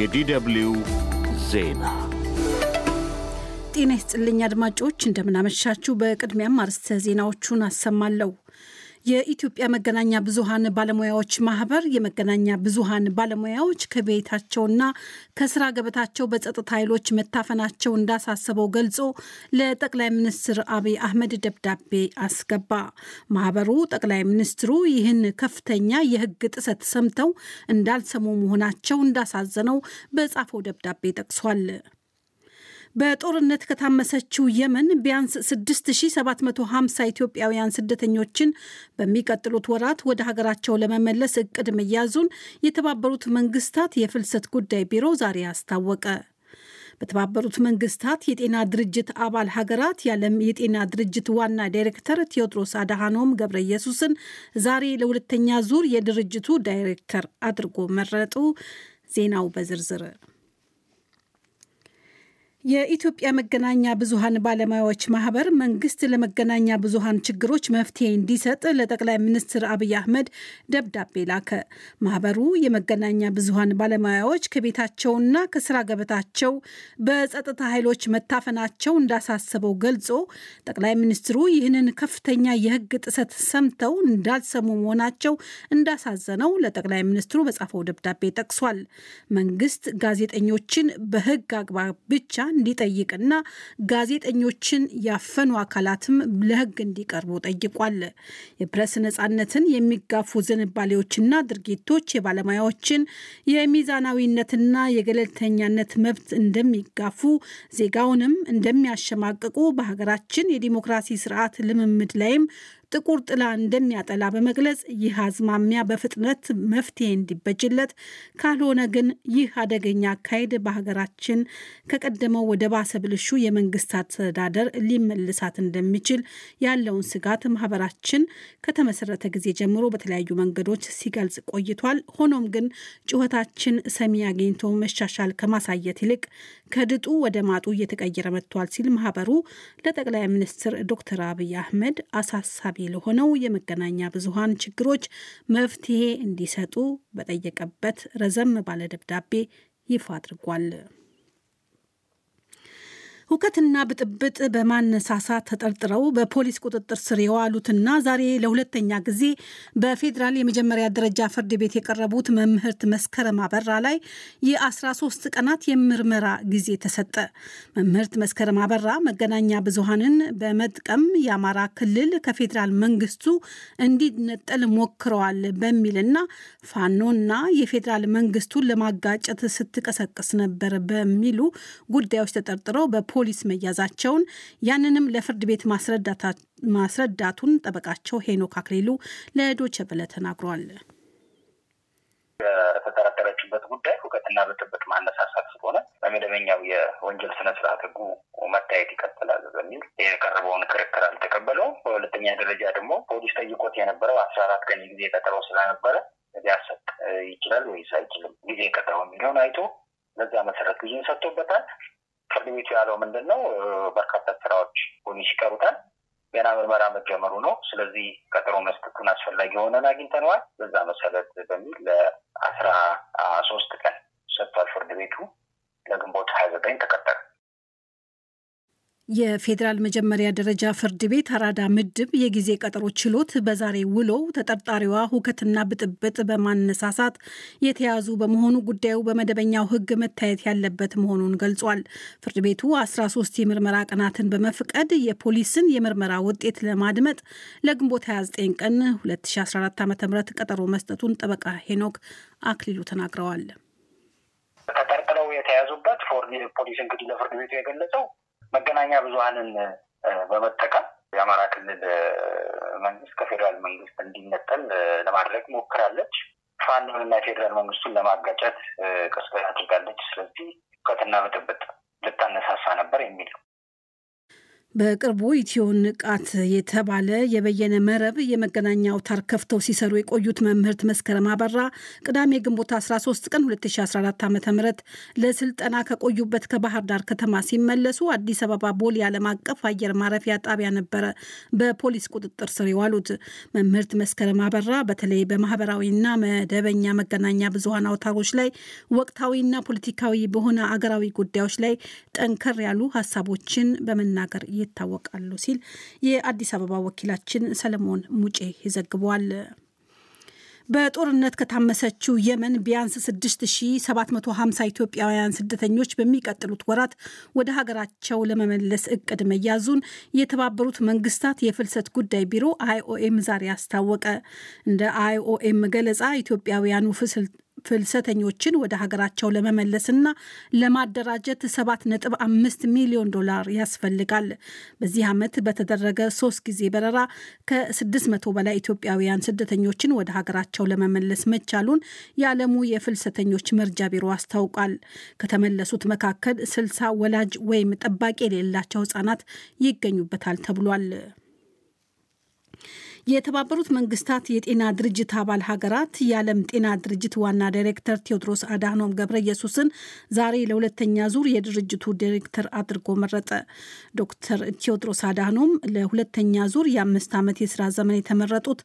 የዲደብልዩ ዜና ጤና ይስጥልኝ አድማጮች፣ እንደምናመሻችሁ። በቅድሚያም አርዕስተ ዜናዎቹን አሰማለሁ። የኢትዮጵያ መገናኛ ብዙሃን ባለሙያዎች ማህበር የመገናኛ ብዙሃን ባለሙያዎች ከቤታቸውና ከስራ ገበታቸው በጸጥታ ኃይሎች መታፈናቸው እንዳሳሰበው ገልጾ ለጠቅላይ ሚኒስትር አብይ አህመድ ደብዳቤ አስገባ። ማህበሩ ጠቅላይ ሚኒስትሩ ይህን ከፍተኛ የህግ ጥሰት ሰምተው እንዳልሰሙ መሆናቸው እንዳሳዘነው በጻፈው ደብዳቤ ጠቅሷል። በጦርነት ከታመሰችው የመን ቢያንስ 6750 ኢትዮጵያውያን ስደተኞችን በሚቀጥሉት ወራት ወደ ሀገራቸው ለመመለስ እቅድ መያዙን የተባበሩት መንግስታት የፍልሰት ጉዳይ ቢሮ ዛሬ አስታወቀ። በተባበሩት መንግስታት የጤና ድርጅት አባል ሀገራት የዓለም የጤና ድርጅት ዋና ዳይሬክተር ቴዎድሮስ አድሃኖም ገብረ ኢየሱስን ዛሬ ለሁለተኛ ዙር የድርጅቱ ዳይሬክተር አድርጎ መረጡ። ዜናው በዝርዝር የኢትዮጵያ መገናኛ ብዙሃን ባለሙያዎች ማህበር መንግስት ለመገናኛ ብዙሃን ችግሮች መፍትሄ እንዲሰጥ ለጠቅላይ ሚኒስትር አብይ አህመድ ደብዳቤ ላከ። ማህበሩ የመገናኛ ብዙሃን ባለሙያዎች ከቤታቸውና ከስራ ገበታቸው በጸጥታ ኃይሎች መታፈናቸው እንዳሳሰበው ገልጾ ጠቅላይ ሚኒስትሩ ይህንን ከፍተኛ የህግ ጥሰት ሰምተው እንዳልሰሙ መሆናቸው እንዳሳዘነው ለጠቅላይ ሚኒስትሩ በጻፈው ደብዳቤ ጠቅሷል። መንግስት ጋዜጠኞችን በህግ አግባብ ብቻ እንዲጠይቅና ጋዜጠኞችን ያፈኑ አካላትም ለሕግ እንዲቀርቡ ጠይቋል። የፕሬስ ነጻነትን የሚጋፉ ዝንባሌዎችና ድርጊቶች የባለሙያዎችን የሚዛናዊነትና የገለልተኛነት መብት እንደሚጋፉ ዜጋውንም እንደሚያሸማቅቁ በሀገራችን የዲሞክራሲ ስርዓት ልምምድ ላይም ጥቁር ጥላ እንደሚያጠላ በመግለጽ ይህ አዝማሚያ በፍጥነት መፍትሄ እንዲበጅለት፣ ካልሆነ ግን ይህ አደገኛ አካሄድ በሀገራችን ከቀደመው ወደ ባሰ ብልሹ የመንግስት አስተዳደር ሊመልሳት እንደሚችል ያለውን ስጋት ማህበራችን ከተመሰረተ ጊዜ ጀምሮ በተለያዩ መንገዶች ሲገልጽ ቆይቷል። ሆኖም ግን ጩኸታችን ሰሚ አግኝቶ መሻሻል ከማሳየት ይልቅ ከድጡ ወደ ማጡ እየተቀየረ መጥቷል ሲል ማህበሩ ለጠቅላይ ሚኒስትር ዶክተር አብይ አህመድ አሳሳቢ አሳሳቢ ለሆነው የመገናኛ ብዙሃን ችግሮች መፍትሄ እንዲሰጡ በጠየቀበት ረዘም ባለ ደብዳቤ ይፋ አድርጓል። ሁከትና ብጥብጥ በማነሳሳት ተጠርጥረው በፖሊስ ቁጥጥር ስር የዋሉትና ዛሬ ለሁለተኛ ጊዜ በፌዴራል የመጀመሪያ ደረጃ ፍርድ ቤት የቀረቡት መምህርት መስከረም አበራ ላይ የ13 ቀናት የምርመራ ጊዜ ተሰጠ። መምህርት መስከረም አበራ መገናኛ ብዙሃንን በመጥቀም የአማራ ክልል ከፌዴራል መንግስቱ እንዲነጠል ሞክረዋል በሚልና ፋኖና የፌዴራል መንግስቱን ለማጋጨት ስትቀሰቅስ ነበር በሚሉ ጉዳዮች ተጠርጥረው በፖሊስ መያዛቸውን ያንንም ለፍርድ ቤት ማስረዳቱን ጠበቃቸው ሄኖክ አክሊሉ ለዶቼ ቬለ ተናግሯል። በተጠረጠረችበት ጉዳይ ሁከትና ብጥብጥ ማነሳሳት ስለሆነ በመደበኛው የወንጀል ስነ ስርዓት ህጉ መታየት ይቀጥላል በሚል የቀረበውን ክርክር አልተቀበለውም። በሁለተኛ ደረጃ ደግሞ ፖሊስ ጠይቆት የነበረው አስራ አራት ቀን ጊዜ ቀጠሮ ስለነበረ ሊያሰጥ ይችላል ወይስ አይችልም ጊዜ ቀጠሮ የሚለውን አይቶ በዛ መሰረት ጊዜ ሰጥቶበታል። ፍርድ ቤቱ ያለው ምንድን ነው? በርካታ ስራዎች ፖሊስ ይቀሩታል ገና ምርመራ መጀመሩ ነው። ስለዚህ ቀጥሮ መስጠቱን አስፈላጊ የሆነን አግኝተነዋል። በዛ መሰረት በሚል ለአስራ ሶስት ቀን ሰጥቷል ፍርድ ቤቱ ለግንቦት ሀያ ዘጠኝ ተቀጠረ። የፌዴራል መጀመሪያ ደረጃ ፍርድ ቤት አራዳ ምድብ የጊዜ ቀጠሮ ችሎት በዛሬ ውሎው ተጠርጣሪዋ ሁከትና ብጥብጥ በማነሳሳት የተያዙ በመሆኑ ጉዳዩ በመደበኛው ሕግ መታየት ያለበት መሆኑን ገልጿል። ፍርድ ቤቱ 13 የምርመራ ቀናትን በመፍቀድ የፖሊስን የምርመራ ውጤት ለማድመጥ ለግንቦት 29 ቀን 2014 ዓ ም ቀጠሮ መስጠቱን ጠበቃ ሄኖክ አክሊሉ ተናግረዋል። ተጠርጥረው የተያዙበት ፖሊስ እንግዲህ ለፍርድ ቤቱ የገለጸው መገናኛ ብዙሀንን በመጠቀም የአማራ ክልል መንግስት ከፌዴራል መንግስት እንዲነጠል ለማድረግ ሞክራለች። ፋኖንና የፌዴራል መንግስቱን ለማጋጨት ቅስቀሳ አድርጋለች። ስለዚህ እውቀትና ብጥብጥ ልታነሳሳ ነበር የሚል ነው። በቅርቡ ኢትዮ ንቃት የተባለ የበየነ መረብ የመገናኛ አውታር ከፍተው ሲሰሩ የቆዩት መምህርት መስከረም አበራ ቅዳሜ ግንቦት 13 ቀን 2014 ዓ ም ለስልጠና ከቆዩበት ከባህር ዳር ከተማ ሲመለሱ አዲስ አበባ ቦሌ ዓለም አቀፍ አየር ማረፊያ ጣቢያ ነበረ በፖሊስ ቁጥጥር ስር የዋሉት። መምህርት መስከረም አበራ በተለይ በማህበራዊና መደበኛ መገናኛ ብዙሀን አውታሮች ላይ ወቅታዊና ፖለቲካዊ በሆነ አገራዊ ጉዳዮች ላይ ጠንከር ያሉ ሀሳቦችን በመናገር ይታወቃሉ ሲል የአዲስ አበባ ወኪላችን ሰለሞን ሙጬ ይዘግቧል። በጦርነት ከታመሰችው የመን ቢያንስ 6750 ኢትዮጵያውያን ስደተኞች በሚቀጥሉት ወራት ወደ ሀገራቸው ለመመለስ እቅድ መያዙን የተባበሩት መንግስታት የፍልሰት ጉዳይ ቢሮ አይኦኤም ዛሬ አስታወቀ። እንደ አይኦኤም ገለጻ ኢትዮጵያውያኑ ፍልሰተኞችን ወደ ሀገራቸው ለመመለስና ለማደራጀት 7.5 ሚሊዮን ዶላር ያስፈልጋል። በዚህ ዓመት በተደረገ ሶስት ጊዜ በረራ ከ600 በላይ ኢትዮጵያውያን ስደተኞችን ወደ ሀገራቸው ለመመለስ መቻሉን የዓለሙ የፍልሰተኞች መርጃ ቢሮ አስታውቋል። ከተመለሱት መካከል 60 ወላጅ ወይም ጠባቂ የሌላቸው ህጻናት ይገኙበታል ተብሏል። የተባበሩት መንግስታት የጤና ድርጅት አባል ሀገራት የዓለም ጤና ድርጅት ዋና ዳይሬክተር ቴዎድሮስ አዳኖም ገብረ ኢየሱስን ዛሬ ለሁለተኛ ዙር የድርጅቱ ዳይሬክተር አድርጎ መረጠ። ዶክተር ቴዎድሮስ አዳኖም ለሁለተኛ ዙር የአምስት ዓመት የስራ ዘመን የተመረጡት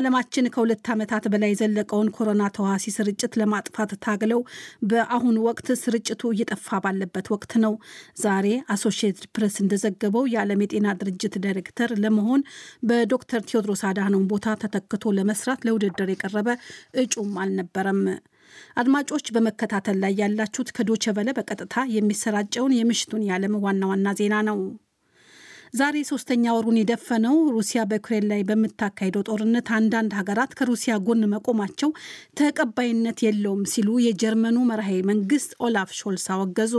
ዓለማችን ከሁለት ዓመታት በላይ የዘለቀውን ኮሮና ተዋሲ ስርጭት ለማጥፋት ታግለው በአሁኑ ወቅት ስርጭቱ እየጠፋ ባለበት ወቅት ነው። ዛሬ አሶሺየትድ ፕሬስ እንደዘገበው የዓለም የጤና ድርጅት ዳይሬክተር ለመሆን በዶክተር ቴዎድሮስ ቴዎድሮስ አድሃኖም ቦታ ተተክቶ ለመስራት ለውድድር የቀረበ እጩም አልነበረም። አድማጮች በመከታተል ላይ ያላችሁት ከዶቸበለ በቀጥታ የሚሰራጨውን የምሽቱን የዓለም ዋና ዋና ዜና ነው። ዛሬ ሶስተኛ ወሩን የደፈነው ሩሲያ በዩክሬን ላይ በምታካሄደው ጦርነት አንዳንድ ሀገራት ከሩሲያ ጎን መቆማቸው ተቀባይነት የለውም ሲሉ የጀርመኑ መርሃ መንግስት ኦላፍ ሾልስ አወገዙ።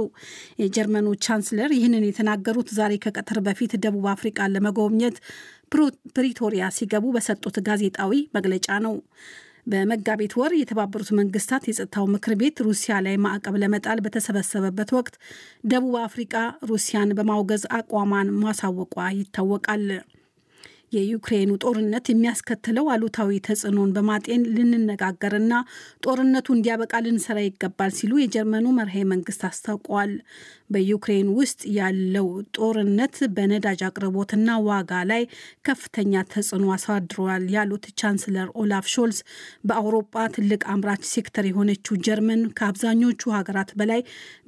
የጀርመኑ ቻንስለር ይህንን የተናገሩት ዛሬ ከቀትር በፊት ደቡብ አፍሪቃ ለመጎብኘት ፕሪቶሪያ ሲገቡ በሰጡት ጋዜጣዊ መግለጫ ነው። በመጋቢት ወር የተባበሩት መንግስታት የጸጥታው ምክር ቤት ሩሲያ ላይ ማዕቀብ ለመጣል በተሰበሰበበት ወቅት ደቡብ አፍሪቃ ሩሲያን በማውገዝ አቋሟን ማሳወቋ ይታወቃል። የዩክሬኑ ጦርነት የሚያስከትለው አሉታዊ ተጽዕኖን በማጤን ልንነጋገርና ጦርነቱ እንዲያበቃ ልንሰራ ይገባል ሲሉ የጀርመኑ መርሄ መንግስት አስታውቀዋል። በዩክሬን ውስጥ ያለው ጦርነት በነዳጅ አቅርቦትና ዋጋ ላይ ከፍተኛ ተጽዕኖ አሳድሯል ያሉት ቻንስለር ኦላፍ ሾልስ በአውሮፓ ትልቅ አምራች ሴክተር የሆነችው ጀርመን ከአብዛኞቹ ሀገራት በላይ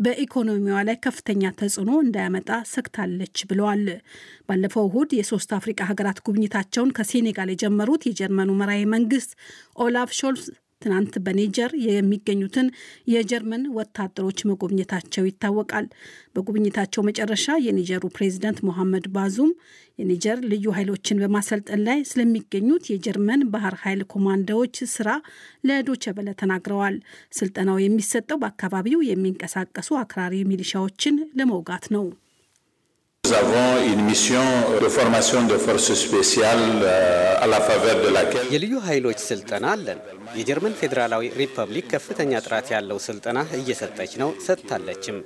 በኢኮኖሚዋ ላይ ከፍተኛ ተጽዕኖ እንዳያመጣ ሰግታለች ብለዋል። ባለፈው እሁድ የሶስት አፍሪቃ ሀገራት ጉብኝታቸውን ከሴኔጋል የጀመሩት የጀርመኑ መራሄ መንግስት ኦላፍ ሾልስ ትናንት በኒጀር የሚገኙትን የጀርመን ወታደሮች መጎብኘታቸው ይታወቃል። በጉብኝታቸው መጨረሻ የኒጀሩ ፕሬዚዳንት ሞሐመድ ባዙም የኒጀር ልዩ ኃይሎችን በማሰልጠን ላይ ስለሚገኙት የጀርመን ባህር ኃይል ኮማንዶዎች ስራ ለዶቸበለ ተናግረዋል። ስልጠናው የሚሰጠው በአካባቢው የሚንቀሳቀሱ አክራሪ ሚሊሻዎችን ለመውጋት ነው። Nous avons une mission de formation de forces spéciales euh, à la faveur de laquelle የልዩ ኃይሎች ስልጠና አለን። የጀርመን ፌዴራላዊ ሪፐብሊክ ከፍተኛ ጥራት ያለው ስልጠና እየሰጠች ነው፣ ሰጥታለችም።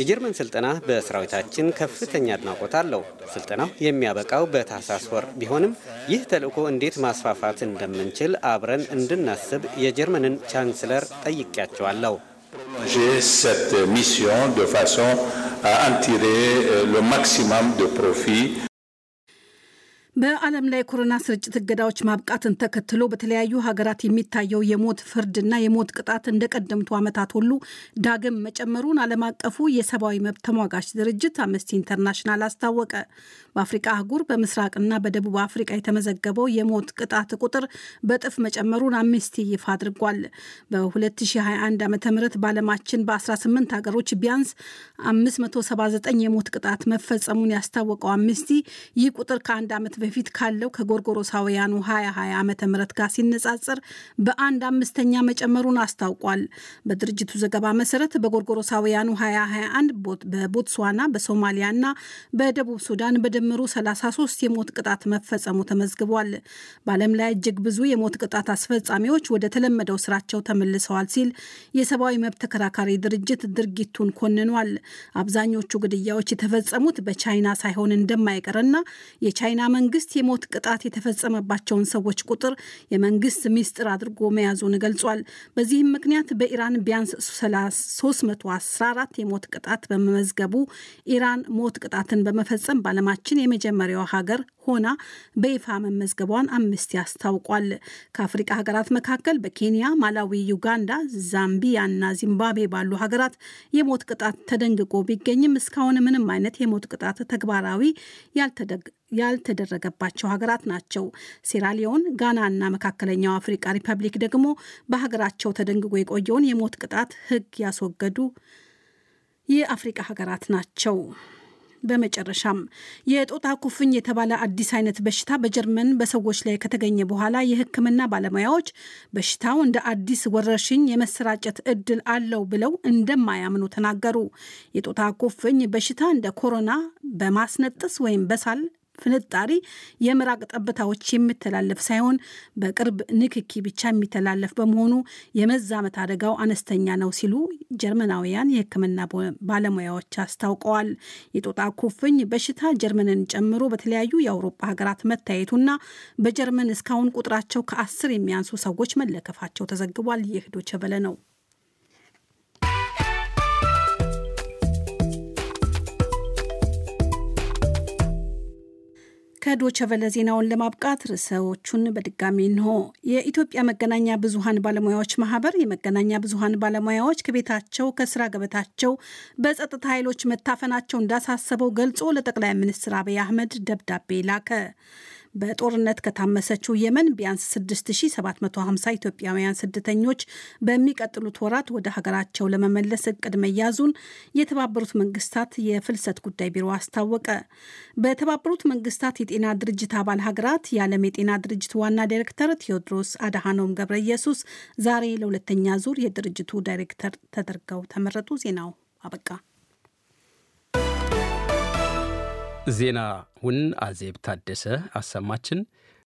የጀርመን ስልጠና በሰራዊታችን ከፍተኛ አድናቆት አለው። ስልጠናው የሚያበቃው በታህሳስ ወር ቢሆንም ይህ ተልዕኮ እንዴት ማስፋፋት እንደምንችል አብረን እንድናስብ የጀርመንን ቻንስለር ጠይቄያቸዋለሁ። à en tirer euh, le maximum de profit በዓለም ላይ ኮሮና ስርጭት እገዳዎች ማብቃትን ተከትሎ በተለያዩ ሀገራት የሚታየው የሞት ፍርድና የሞት ቅጣት እንደ ቀደምቱ ዓመታት ሁሉ ዳግም መጨመሩን ዓለም አቀፉ የሰብአዊ መብት ተሟጋች ድርጅት አምነስቲ ኢንተርናሽናል አስታወቀ። በአፍሪቃ አህጉር በምስራቅና በደቡብ አፍሪቃ የተመዘገበው የሞት ቅጣት ቁጥር በጥፍ መጨመሩን አምነስቲ ይፋ አድርጓል። በ2021 ዓ ም በዓለማችን በ18 ሀገሮች ቢያንስ 579 የሞት ቅጣት መፈጸሙን ያስታወቀው አምነስቲ ይህ ቁጥር ከአንድ ዓመት በፊት ካለው ከጎርጎሮሳውያኑ 2020 ዓ ም ጋር ሲነጻጸር በአንድ አምስተኛ መጨመሩን አስታውቋል። በድርጅቱ ዘገባ መሰረት በጎርጎሮሳውያኑ 2021 በቦትስዋና በሶማሊያ እና በደቡብ ሱዳን በድምሩ 33 የሞት ቅጣት መፈጸሙ ተመዝግቧል። በዓለም ላይ እጅግ ብዙ የሞት ቅጣት አስፈጻሚዎች ወደ ተለመደው ስራቸው ተመልሰዋል ሲል የሰብአዊ መብት ተከራካሪ ድርጅት ድርጊቱን ኮንኗል። አብዛኞቹ ግድያዎች የተፈጸሙት በቻይና ሳይሆን እንደማይቀርና የቻይና መንግስት መንግስት የሞት ቅጣት የተፈጸመባቸውን ሰዎች ቁጥር የመንግስት ሚስጥር አድርጎ መያዙን ገልጿል። በዚህም ምክንያት በኢራን ቢያንስ 314 የሞት ቅጣት በመመዝገቡ ኢራን ሞት ቅጣትን በመፈጸም በዓለማችን የመጀመሪያው ሀገር ሆና በይፋ መመዝገቧን አምነስቲ አስታውቋል። ከአፍሪቃ ሀገራት መካከል በኬንያ፣ ማላዊ፣ ዩጋንዳ፣ ዛምቢያ እና ዚምባብዌ ባሉ ሀገራት የሞት ቅጣት ተደንግጎ ቢገኝም እስካሁን ምንም አይነት የሞት ቅጣት ተግባራዊ ያልተደረገባቸው ሀገራት ናቸው። ሴራሊዮን፣ ጋና እና መካከለኛው አፍሪቃ ሪፐብሊክ ደግሞ በሀገራቸው ተደንግጎ የቆየውን የሞት ቅጣት ሕግ ያስወገዱ የአፍሪቃ ሀገራት ናቸው። በመጨረሻም የጦጣ ኩፍኝ የተባለ አዲስ አይነት በሽታ በጀርመን በሰዎች ላይ ከተገኘ በኋላ የሕክምና ባለሙያዎች በሽታው እንደ አዲስ ወረርሽኝ የመሰራጨት እድል አለው ብለው እንደማያምኑ ተናገሩ። የጦጣ ኩፍኝ በሽታ እንደ ኮሮና በማስነጥስ ወይም በሳል ፍንጣሪ የምራቅ ጠብታዎች የሚተላለፍ ሳይሆን በቅርብ ንክኪ ብቻ የሚተላለፍ በመሆኑ የመዛመት አደጋው አነስተኛ ነው ሲሉ ጀርመናውያን የሕክምና ባለሙያዎች አስታውቀዋል። የጦጣ ኩፍኝ በሽታ ጀርመንን ጨምሮ በተለያዩ የአውሮፓ ሀገራት መታየቱና በጀርመን እስካሁን ቁጥራቸው ከአስር የሚያንሱ ሰዎች መለከፋቸው ተዘግቧል። ይህ ዶቸ ነው። ከዶቸቨለ ዜናውን ለማብቃት ርዕሰዎቹን በድጋሚ እንሆ። የኢትዮጵያ መገናኛ ብዙሃን ባለሙያዎች ማህበር የመገናኛ ብዙሃን ባለሙያዎች ከቤታቸው ከስራ ገበታቸው በጸጥታ ኃይሎች መታፈናቸው እንዳሳሰበው ገልጾ ለጠቅላይ ሚኒስትር አብይ አህመድ ደብዳቤ ላከ። በጦርነት ከታመሰችው የመን ቢያንስ 6750 ኢትዮጵያውያን ስደተኞች በሚቀጥሉት ወራት ወደ ሀገራቸው ለመመለስ እቅድ መያዙን የተባበሩት መንግስታት የፍልሰት ጉዳይ ቢሮ አስታወቀ። በተባበሩት መንግስታት የጤና ድርጅት አባል ሀገራት የዓለም የጤና ድርጅት ዋና ዳይሬክተር ቴዎድሮስ አድሃኖም ገብረ ኢየሱስ ዛሬ ለሁለተኛ ዙር የድርጅቱ ዳይሬክተር ተደርገው ተመረጡ። ዜናው አበቃ። ዜናውን አዜብ ታደሰ አሰማችን።